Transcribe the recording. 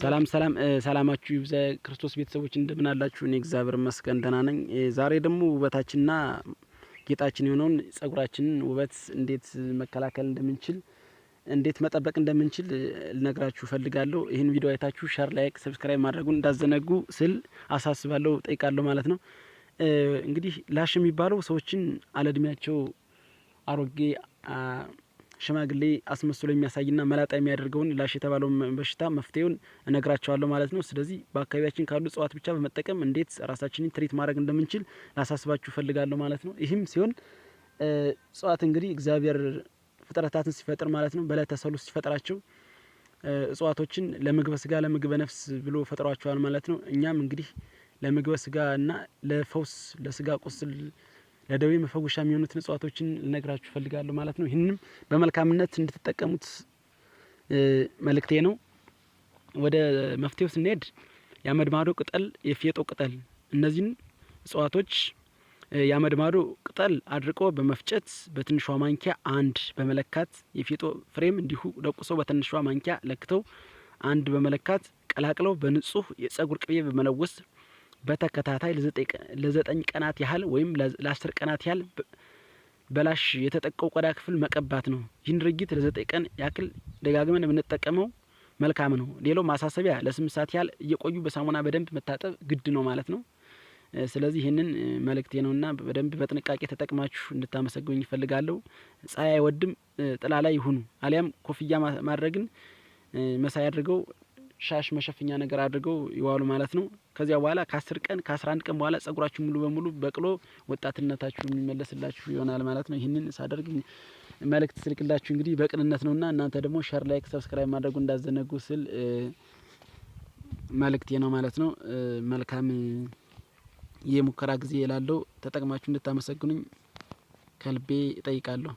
ሰላም ሰላም፣ ሰላማችሁ ይብዛ። ክርስቶስ ቤተሰቦች እንደምን አላችሁ? እኔ እግዚአብሔር ይመስገን ደህና ነኝ። ዛሬ ደግሞ ውበታችንና ጌጣችን የሆነውን ጸጉራችንን ውበት እንዴት መከላከል እንደምንችል እንዴት መጠበቅ እንደምንችል ልነግራችሁ ፈልጋለሁ ይህን ቪዲዮ አይታችሁ ሸር፣ ላይክ፣ ሰብስክራይብ ማድረጉን እንዳዘነጉ ስል አሳስባለሁ፣ ጠይቃለሁ ማለት ነው። እንግዲህ ላሽ የሚባለው ሰዎችን አለእድሜያቸው አሮጌ ሽማግሌ አስመስሎ የሚያሳይና መላጣ የሚያደርገውን ላሽ የተባለውን በሽታ መፍትሄውን እነግራቸዋለሁ ማለት ነው። ስለዚህ በአካባቢያችን ካሉ እጽዋት ብቻ በመጠቀም እንዴት ራሳችንን ትሪት ማድረግ እንደምንችል ላሳስባችሁ እፈልጋለሁ ማለት ነው። ይህም ሲሆን እጽዋት እንግዲህ እግዚአብሔር ፍጥረታትን ሲፈጥር ማለት ነው በላይ ተሰሉ ሲፈጥራቸው እጽዋቶችን ለምግበ ስጋ ለምግበ ነፍስ ብሎ ፈጥሯቸዋል ማለት ነው። እኛም እንግዲህ ለምግበ ስጋ እና ለፈውስ ለስጋ ቁስል ለደዌ መፈወሻ የሚሆኑትን እጽዋቶችን ልነግራችሁ ፈልጋለሁ ማለት ነው። ይህንም በመልካምነት እንድትጠቀሙት መልእክቴ ነው። ወደ መፍትሄው ስንሄድ የአመድማዶ ቅጠል፣ የፌጦ ቅጠል እነዚህን እጽዋቶች የአመድማዶ ቅጠል አድርቆ በመፍጨት በትንሿ ማንኪያ አንድ በመለካት የፌጦ ፍሬም እንዲሁ ደቁሶ በትንሿ ማንኪያ ለክተው አንድ በመለካት ቀላቅለው በንጹህ የጸጉር ቅቤ በመለወስ በተከታታይ ለዘጠኝ ቀናት ያህል ወይም ለአስር ቀናት ያህል በላሽ የተጠቀው ቆዳ ክፍል መቀባት ነው። ይህን ድርጊት ለዘጠኝ ቀን ያክል ደጋግመን የምንጠቀመው መልካም ነው። ሌላው ማሳሰቢያ ለስምንት ሰዓት ያህል እየቆዩ በሳሙና በደንብ መታጠብ ግድ ነው ማለት ነው። ስለዚህ ይህንን መልእክቴ ነውና በደንብ በጥንቃቄ ተጠቅማችሁ እንድታመሰግኝ ይፈልጋለሁ። ፀሐይ አይወድም ጥላ ላይ ይሁኑ፣ አሊያም ኮፍያ ማድረግን መሳይ አድርገው ሻሽ መሸፈኛ ነገር አድርገው ይዋሉ ማለት ነው። ከዚያ በኋላ ከአስር ቀን ከአስራ አንድ ቀን በኋላ ጸጉራችሁ ሙሉ በሙሉ በቅሎ ወጣትነታችሁ የሚመለስላችሁ ይሆናል ማለት ነው። ይህንን ሳደርግ መልእክት ስልክላችሁ እንግዲህ በቅንነት ነውና እናንተ ደግሞ ሸር፣ ላይክ፣ ሰብስክራይብ ማድረጉ እንዳዘነጉ ስል መልእክቴ ነው ማለት ነው። መልካም የሙከራ ጊዜ ላለው ተጠቅማችሁ እንድታመሰግኑኝ ከልቤ እጠይቃለሁ።